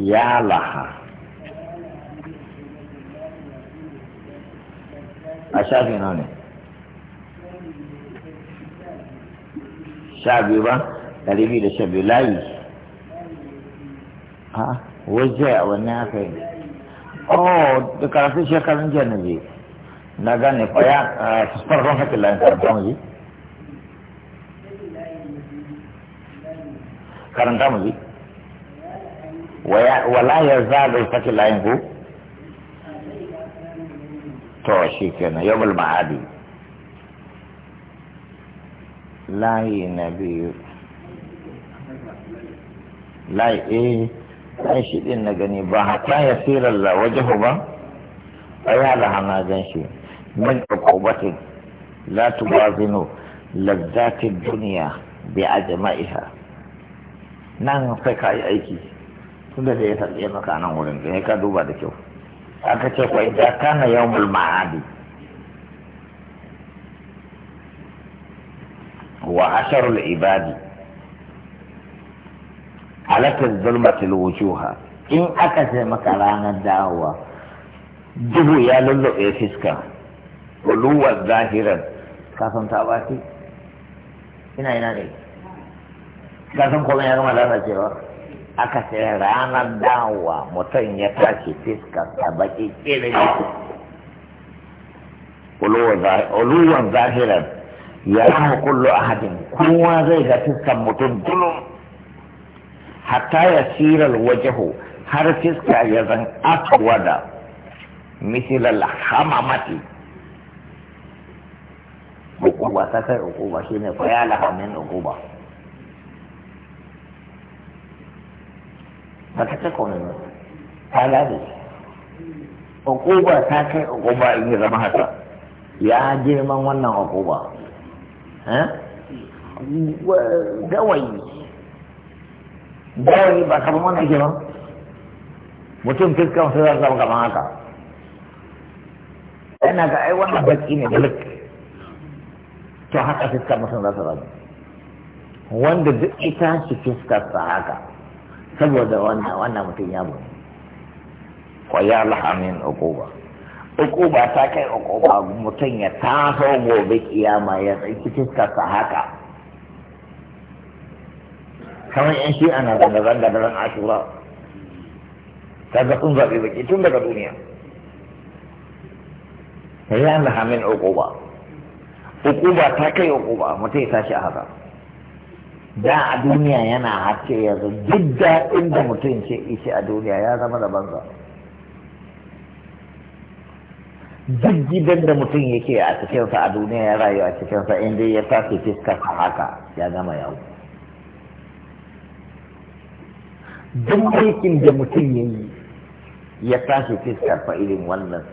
ya laha a shafi na ne sha biyu ba ɗari biyu da sha biyu layi a waje a wannan aka yi oh da karfi shekarun jiya na je na gane kwaya a farkon hakin layin karatu mu je karanta mu je wala ya zalu saki layin ku to shi kenan bulma adi layi na biyu layi eh ɗan shi ɗin na gani ba hata ya tsira la wajahu ba a yi hana gan shi min ƙoƙobatin la tubazinu lazzatin duniya bi ajma'iha nan sai ka yi aiki tunda da ya tarbe maka nan wurin da ka duba da kyau aka ce kwa idan kana yawmul ma'adi wa asharul ibadi alaka zulmatil wujuha in aka ce maka ranar dawowa duhu ya lullube fiska uluwar zahiran kasan ta baki ina ina ne kasan komai ya gama lalacewa aka ce ranar dawowa mutum ya tashi fiskar ta baki kirin uluwan zahiran ya rahu kullu hadin, kowa zai ga fiskar mutum dulum hatta ya sirar wajahu har fiska ya zan da misilal hamamati ukuba ta kai ukuba shine kwaya ya laha ukuba ba ta ce komai ba ta labe ukuba ta kai ukuba in yi zama haka ya girman wannan ukuba gawayi gawayi ba kamar wannan ke ba mutum fiskan sai za zama kamar haka yana ga ai wannan baki ne buluk to haka fiskan mutum za ta zama wanda duk ita shi sa haka saboda wannan wannan mutum ya bu wa ya lahamin ukuba. Ukuba ta kai ukuba mutum ya taso gobe kiyama ya tsaki fuskar haka kamar yan shi ana zanga zanga da ran ashura ga sun zabi baki tun daga duniya ya lahamin ukuba. Ukuba ta kai ukuba mutum ya tashi a haka da a duniya yana haske yanzu duk daɗin da mutum ke ishi a duniya ya zama da banza duk gidan da mutum yake a cikinsa a duniya ya rayu a cikinsa inda ya tafi fiskar haka ya gama yawo duk aikin da mutum ya yi ya tashi fiskar fa irin wannan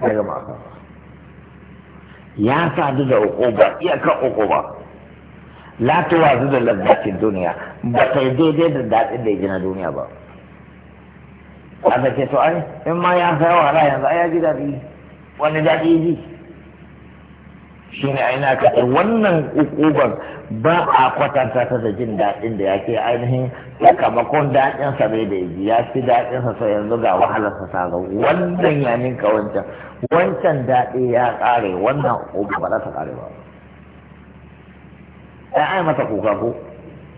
ya gama ya sadu da uku ba iyakar uku ba Latu wazu da lazzatin duniya ba ta yi daidai da daɗin da ya ji duniya ba wanda ke to ai in ma ya sayo wa yanzu za a ji daɗi wani daɗi ji shi ne aina ka wannan ukubar ba a kwatanta ta da jin daɗin da yake ainihin sakamakon daɗin sa bai da ji ya fi daɗin sa sai yanzu ga wahalar sa ta zo wannan ya ninka wancan wancan daɗi ya ƙare wannan ukubar ba za ta ƙare ba ai mata kuka ko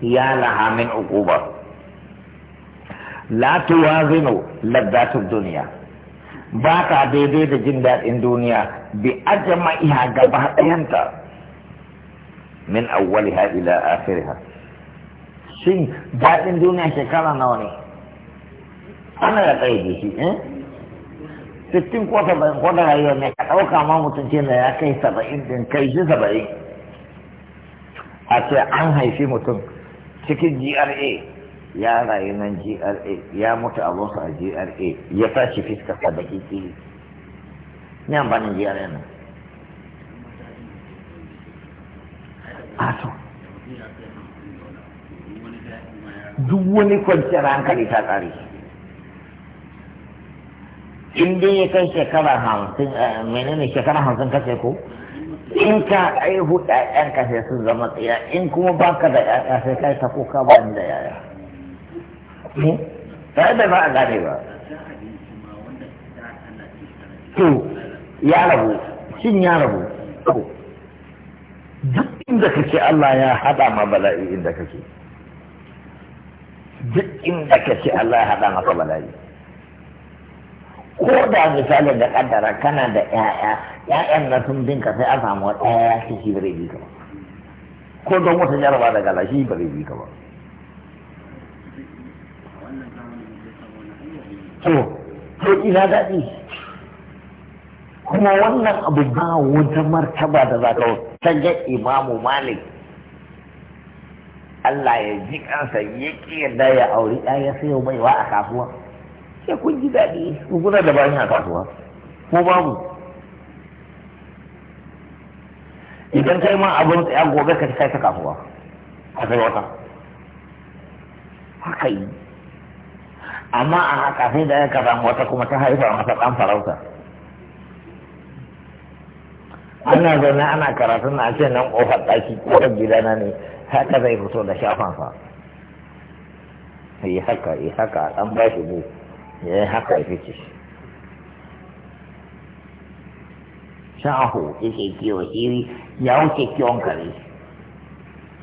ya laha min uquba la tuwazinu ladatud duniya ba ta daidai da jin daɗin duniya bi iya gaba ɗayanta min awwaliha ila akhiriha shin daɗin duniya shekara nawa ne ana da kai shi eh sittin ko saba'in ko da rayuwa ne ka ɗauka ma mutum ce na ya kai saba'in din kai shi saba'in a ce an haifi mutum cikin GRA ya rayu nan GRA ya mutu abunsa a GRA ya tashi a da kiki ne amfanin GRA nan ato duk wani kwanciyar hankali ta tsari in dai ya kai shekara hamsin eh, menene shekara hamsin kashe ko in ka aihu ƴaƴanka sai sun zama tsaya in kuma ba ka da ƴaƴa sai kai ta kuka ba ni da yaya sai da ba a gane ba to ya rabu shin ya rabu duk inda kake Allah ya haɗa ma bala'i inda kake duk inda kake Allah ya haɗa maka bala'i ko da misalin da kaddara kana da ya'ya ya'yan na sun dinka sai an samu ɗaya shi shi bare bi ka ko don wata jaraba da gala shi bare bi ka ba to to ina daɗi kuma wannan abu ba wata martaba da za ka ta ga imamu malik Allah ya ji kansa ya ƙi yadda ya auri ɗaya sai baiwa a kasuwa sai kun ji daɗi ku kuna da bayan a kasuwa ko babu idan kai ma abin tsaya gobe ka kai ta kasuwa a kai wata haka yi amma a haka sai da ya samu wata kuma ta haifa masa ɗan farauta ana zaune ana karatun na ce nan ƙofar ɗaki ƙofar gidana ne haka zai fito da shafansa yi haka yi haka ɗan ba shi ya yi haka ya fice sha'ahu yake kiwo iri ya wuce kiwon kare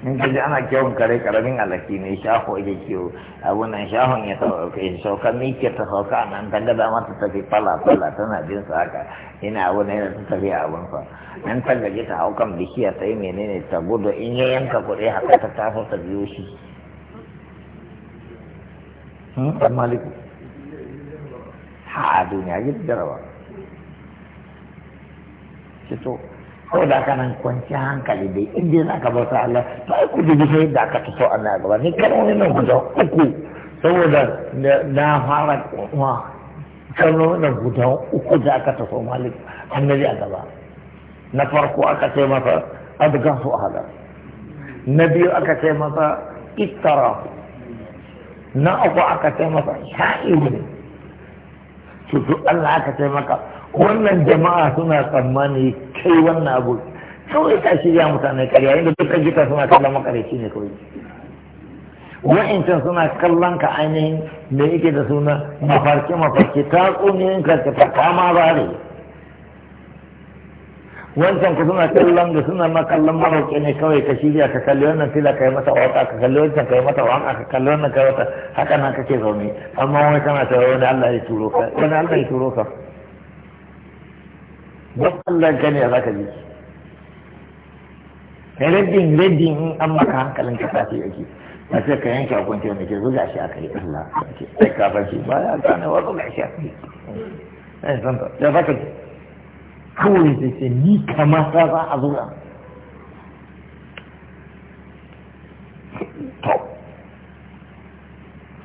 in ka ji ana kiwon kare karamin alaki ne shaho yake kiwo abu nan shahon ya sauka sauka ke ta sauka a nan ta dama ta tafi fala fala tana jin sa haka ina abu ne ta tafi a abun fa nan ta gaji ta hau kan bishiya ta yi menene ta gudu in ya yanka kuɗi haka ta taso ta biyo shi. Hmm, a duniya yi jarawa shi to ko da ka nan kwanci hankali dai inda dai ka bauta Allah to ai ku dubi sai da aka taso Allah ya gaba ni wani nan guda uku saboda na fara kuma wani nan guda uku da aka taso malik annabi a gaba na farko aka ce masa adgasu ahla na biyu aka ce masa ittara na uku aka ce masa sha'iru cutu duk Allah aka ce maka wannan jama'a suna tsammani kai wannan abu kawai ka shirya mutane karya inda dukkan jika suna kallon makarici ne kawai wa'incan suna kallon ka ainihin da yake da suna mafarki mafarki ta tsuniyin ka ta kama bare wancan ku suna kallon da suna ma kallon marauke ne kawai ka shirya ka kalli wannan fila ka yi mata waka ka kalli wancan ka yi mata waka ka kalli wannan ka wata haka nan kake zaune amma wani kana tare wani Allah ya turo ka wani Allah ya turo ka ba kallon ka ne za ka ji raddin raddin in an maka hankalin ka tafi yake a sai ka yanke hukunci wani ke zuga shi aka yi Allah ka ka fashi ba ya gane wa zuga shi aka yi kawai sai sai ni kamar za a zuwa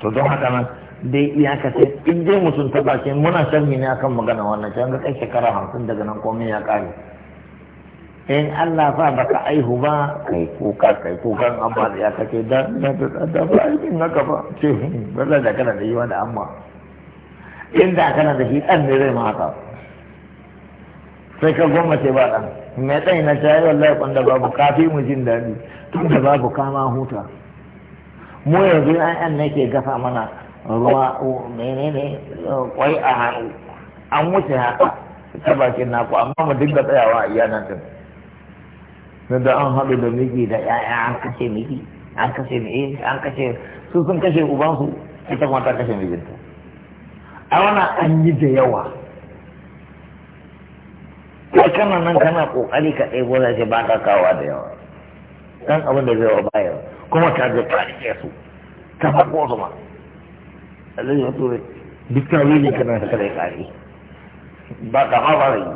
to don haka nan dai iyaka sai in dai mutum ta bakin muna sharhi ne akan magana wannan can ga kai shekara hamsin daga nan komai ya kare in Allah fa baka aihu ba kai kuka kai kukan amma da ya kake da na da da ba aikin haka ba ce ba da kana da wa da amma inda kana da shi dan ne zai mata sai ka ce ba ɗan mai tsayi na cayi wallahi wanda babu kafi mu jin daɗi tun da babu kama huta mu yanzu an nake gasa mana ruwa menene kwai a hannu an wuce haka ta bakin naku amma mu da tsayawa a iya nan din da an haɗu da miji da ƴaƴa an kashe miji an kashe miji an kashe su sun kashe ubansu ita kuma ta kashe mijinta a wannan an yi da yawa kai kana nan kana kokari ka ɗebo za ce ba ka kawa da yawa dan abin da zai wa bayan kuma ka je ka rike su ta farko su ma Allah ya tsore duk ta wuri kana ka kare kare ba ka ma ba yi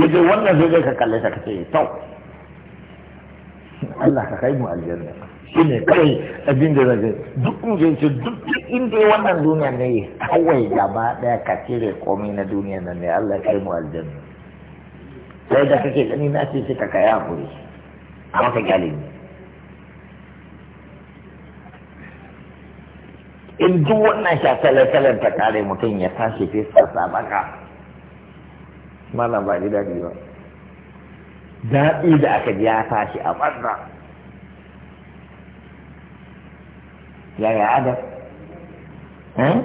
yaje wannan zai ka kalle ta kace tau Allah ka kai mu aljanna shine kai abin da zai duk mun ce duk inda wannan duniya ne kawai gaba daya ka cire komai na duniya nan ne Allah kai mu aljanna sai da kake gani na ce sai ka ya kuri a maka galibi in duk wannan shataletalen ta kare mutum ya tashi fi sassa baka malam ba ji daɗi ba daɗi da aka ji ya tashi a ɓanna yaya adam eh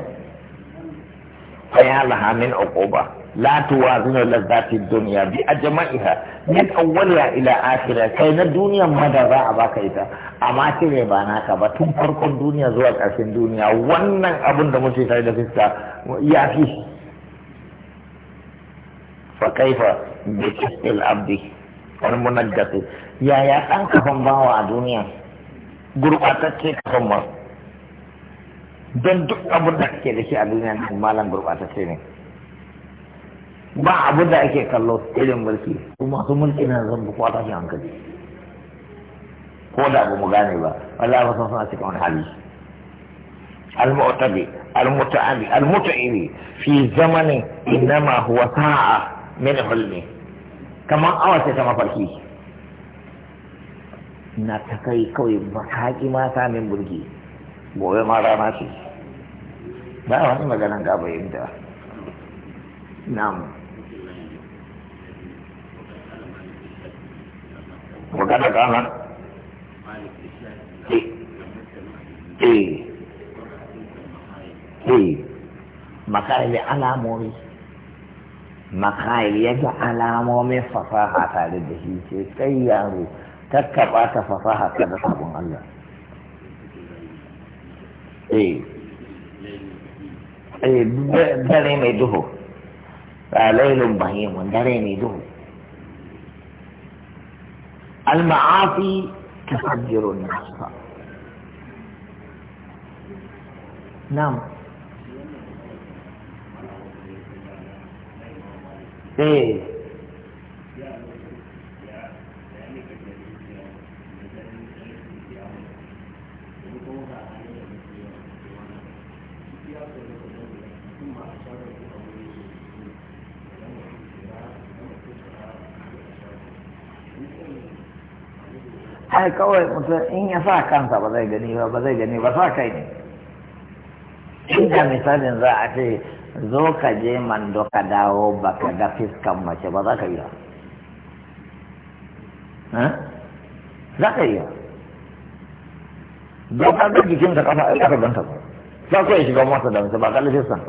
fa ya laha min uquba la tuwazinu lazzati dunya bi ajma'iha min awwaliha ila akhirah kai na duniyan ma da za a baka ita amma ce ne ba naka ba tun farkon duniya zuwa ƙarshen duniya wannan abin da muke tare da fiska ya fi fa kaifa bi kisil abdi wal munajjati ya ya dan bawa a duniya gurbatacce kafan ma don duk abunda da kake da shi a duniya malam gurbatacce ne ba abu da ake kallo irin mulki su masu mulki na zan buku a shi hankali ko da ba mu gane ba Allah ba san suna cikin wani hali al mutadi al-muta'abi al-muta'imi fi zamanin innama huwa sa'a min hulmi kamar awa ce ta mafarki na ta kai kawai ba ka ki ma samin burgi gobe ma rana ce ba wani maganan ka fahimta mu. magana kana eh eh, eh. makayil alamomi makayil yaga alamomin fasaha tare da shi ce kai yaro ta fasaha ta da sabon Allah eh eh dare mai duhu lailun bahimun dare mai duhu المعاصي تفجر النفس نعم ايه ai kawai mutum in ya sa kansa ba zai gani ba ba zai gani ba sa kai ne inda misalin za a ce zo ka je mando ka dawo ba ka ga fiskan mace ba za ka yi za ka yi ba? ka ga jikin ka kafa ka ganta ba za ku iya shiga mota da mace ba kalli fiskan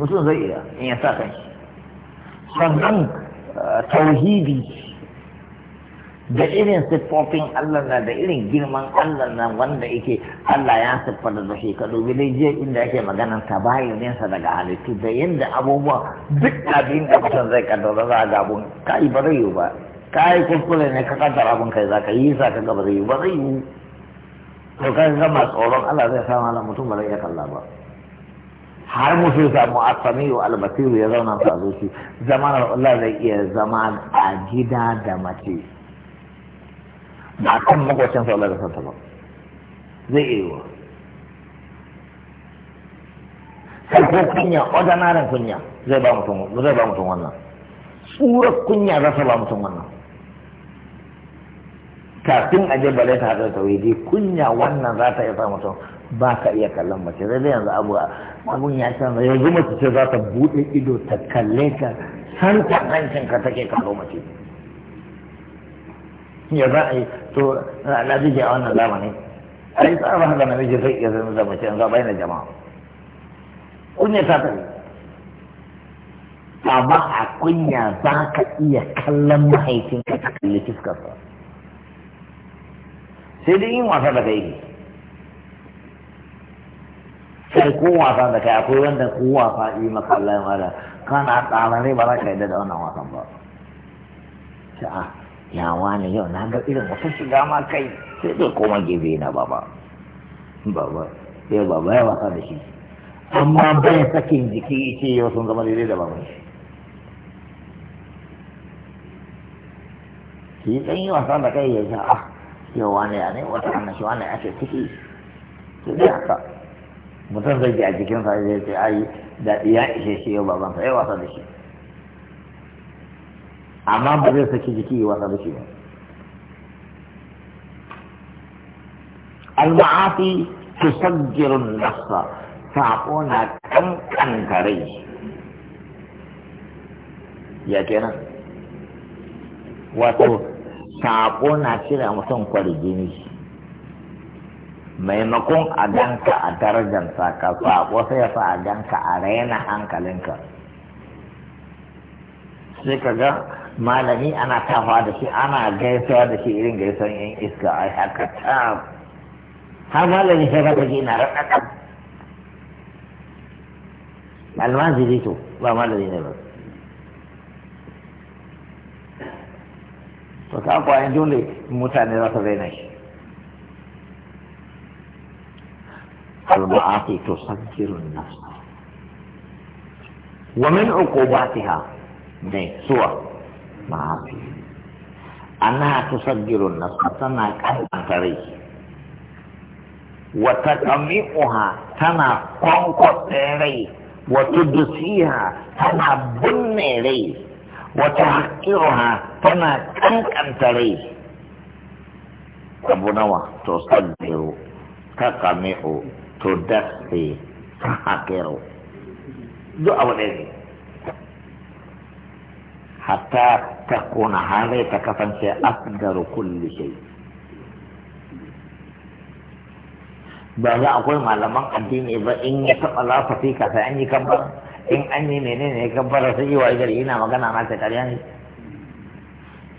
mutum zai iya in ya sa kai sannan eh, tauhidi da irin siffofin Allah na da irin girman Allah na wanda yake Allah ya siffa da shi ka dubi dai jiya inda yake maganan ta bayanin sa daga halittu da yanda abubuwa duk abin da mutum zai kaddara za ga abun kai ba zai yi ba kai kuskure ne ka kaddara abun kai za ka yi sa ka gaba ba zai yi ba zai yi to kai ga ma tsoron Allah zai samu halin mutum ba zai iya kalla ba har mutum samu asami wa albasiru ya zauna sa zuci zamanar Allah zai iya zama a gida da mace a kan makwacin sallar da santa ba zai iya yiwa sai ko kunya ordinary kunya zai ba mutum zai ba mutum wannan tsura kunya za ta ba mutum wannan kafin a je bare ta haɗa tauhidi kunya wannan za ta iya sa mutum ba ka iya kallon mace Zai zai yanzu abu abun ya canza yanzu mace ce za ta buɗe ido ta kalle ka san ta hancin ka take kallo mace ya za a yi to na jike a wannan zamanin a yi tsara haka namiji zai iya zama zama ce zaɓa yana jama'a kunya ta tafi amma a kunya za ka iya kallon mahaifinka ka ta kalli fuskarsa sai dai yin wasa da kai sai ko wasa da kai akwai wanda ko wasa yi maka Allah ya mala kana tsara ne ba za ka yadda da wannan wasan ba sha'a ya wani yau na ga irin wata shiga ma kai sai zai koma gefe na baba baba sai baba ya wasa da shi amma bai sakin jiki ce yau sun zama daidai da baban shi shi dan yi wasa da kai ya yi ah yau wani ya ne wata shi wani ya ce kiki to dai haka mutum zai ji a jikinsa ya ce ai da ya ishe shi yau babansa ya wasa da shi amma ba zai saki jiki wasa da shi ba al-ma'afi tusajjiru nasa sako na kankan ƙanƙare. ya kenan wato sako na cire mutum jini, maimakon a ganka a darajar ka sako sai ya sa a ganka a raina hankalinka sai ka ga malami ana tafawa da shi ana gaisawa da shi irin gaisan yan iska ai haka ta har malami sai ka ji na raɗaɗa almajiri to ba malami ne ba to ka kwayan dole mutane za su raina shi المعاصي تسكر النفس ومن عقوباتها دي سوى معاصي أنها تسجل النفس تنا كان تري وتجمعها تنا قنقط ري وتدسيها تنا بن ري وتحقرها تنا كان كان تري أبو نوى تسجل تقمع تدسي تحقر دعوة لذلك hatta ta kona halai ta kasance asgaru kulli shay ba za akwai malaman addini ba in ya taɓa lafafi ka sai an yi kabbar in an yi menene ya kabbar sai yi wa gari ina magana na ta ƙarya ne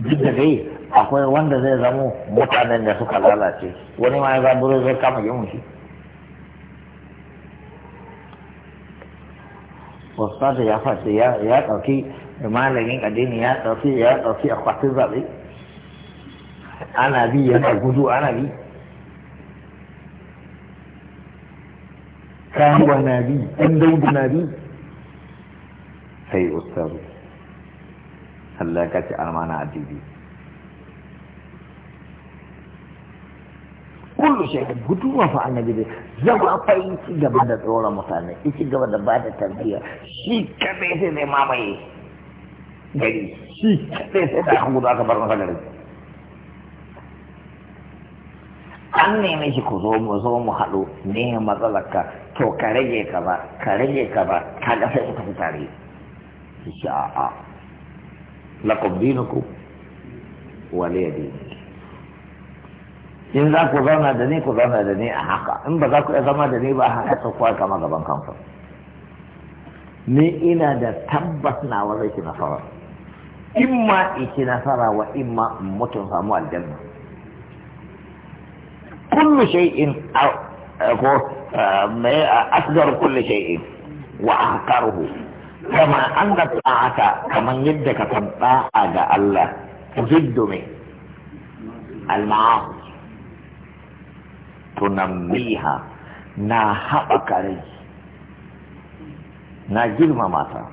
duk da dai akwai wanda zai zamo mutanen da suka lalace wani ma ya zaburo zai kama yin shi wasu ya fasu ya ɗauki malamin addini ya ɗauki ya ɗauki akwatin zaɓe ana bi yana gudu ana bi kawo na bi ɗan daudu na bi sai ustaru Allah ya almana amana addini kullu shay'in guduwa fa annabi dai zama fa yi ci gaba da tsoron mutane ci gaba da ba da tarbiyya shi kadai sai zai mamaye gari shi kaɗai sai da aka bar masa gari an neme shi ku zo mu zo mu haɗu ne ka to ka rage ka ba ka rage ka ba ka ga sai ka tare shi a'a lakum dinukum waliya dinukum in za ku zauna da ni ku zauna da ni a haka in ba za ku iya zama da ni ba a haka ta kuwa kama gaban kanku ni ina da tabbas na wa zai ki nasara imma ici nasara wa imma mutum samu aljanna kullu shay'in ko mai asgar kullu shay'in wa ahqaruhu kama anna ta'ata kaman yadda ka san da'a ga Allah tujiddu min al-ma'asi tunammiha na haɓaka rai na girmama ta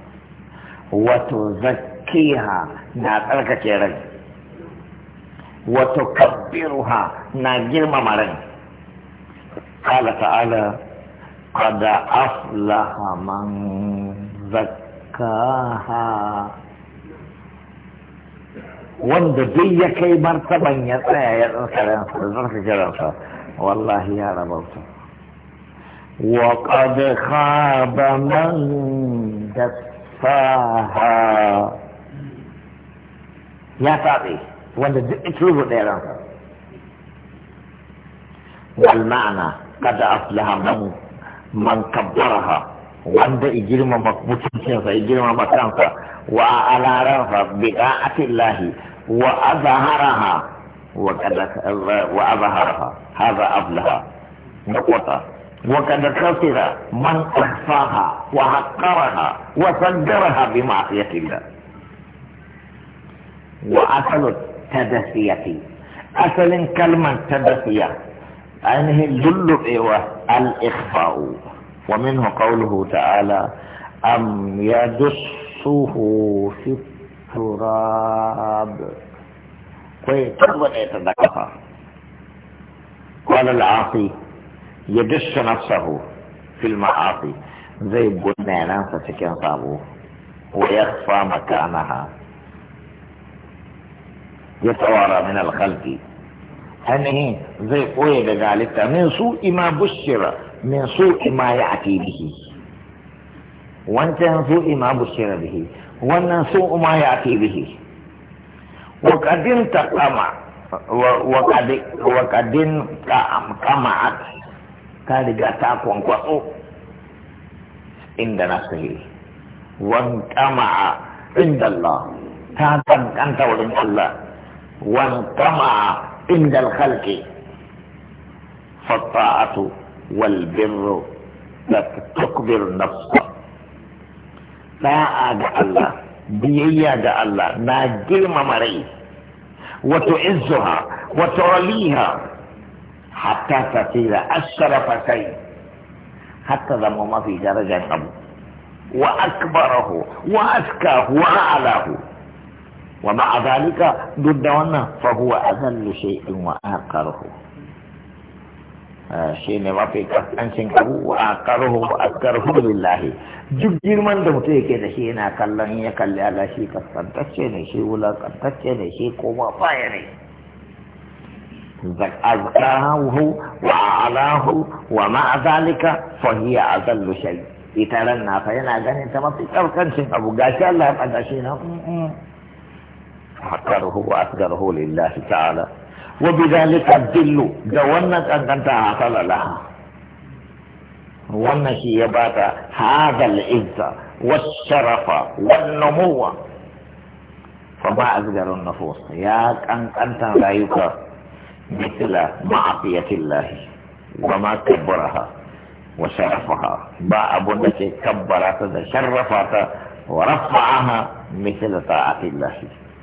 wato zai تأتيها نابلغة كيرن وتكبرها ناجر ممرن قال تعالى قد أفلح من زكاها وند دي كي مرتبا والله يا رب وقد خاب من دساها يا فاضي واتلوه ديرا والمعنى قد أصلها من من كبرها وند إجرم مكبوتين إجرم مكانسا وعلى رفع بقاعة الله وأظهرها وقد وأظهرها هذا أبلها نقطة وقد كثر من أخفاها وحقرها وصدرها بمعصية الله وأصل التدفية أصل كلمة تدفية أنه الذل إيوه الإخفاء ومنه قوله تعالى أم يدسه في التراب إيه قال العاصي يدس نفسه في المعاصي زي قلنا ننسى سكين صابوه ويخفى مكانها يتوارى من الخلق أنه زي قوي ذلك من سوء ما بشر من سوء ما يأتي به وانت سوء ما بشر به وانا سوء ما يأتي به وقد انتقم وقد وقد انتقم قال تاكون كوكو عند نفسه وانتمع عند الله تاكن أنت ولن الله وانطمع عند الخلق فالطاعة والبر تكبر نفسك لا أدع الله بيا دع الله ناجر مريض وتعزها وتعليها حتى تصير أشرف شيء حتى ذم ما في درجة أبو وأكبره وأزكاه وأعلاه wa ma'a zalika duk da wannan fa huwa azallu shay'in wa aqaruhu ah, shi ne mafi kaskancin abu wa aqaruhu wa aqaruhu lillahi duk girman da mutum yake da shi yana kallon ya kalli ala shi kaskantacce ne shi wulakantacce ne shi koma baya ne azkahu wa alahu wa ma'a zalika fa hiya azallu shay'in ita ran na fa yana ganin ta mafi kaskancin abu gashi Allah ya fada shi na أحقره وأقدره لله تعالى وبذلك الذل دونت أن أنت عقل لها وأن هي بات هذا العزة والشرف والنمو فما أقدر النفوس يا أنت أنت رأيك مثل معصية الله وما كبرها وشرفها ما أبنك كبرت شرفت ورفعها مثل طاعة الله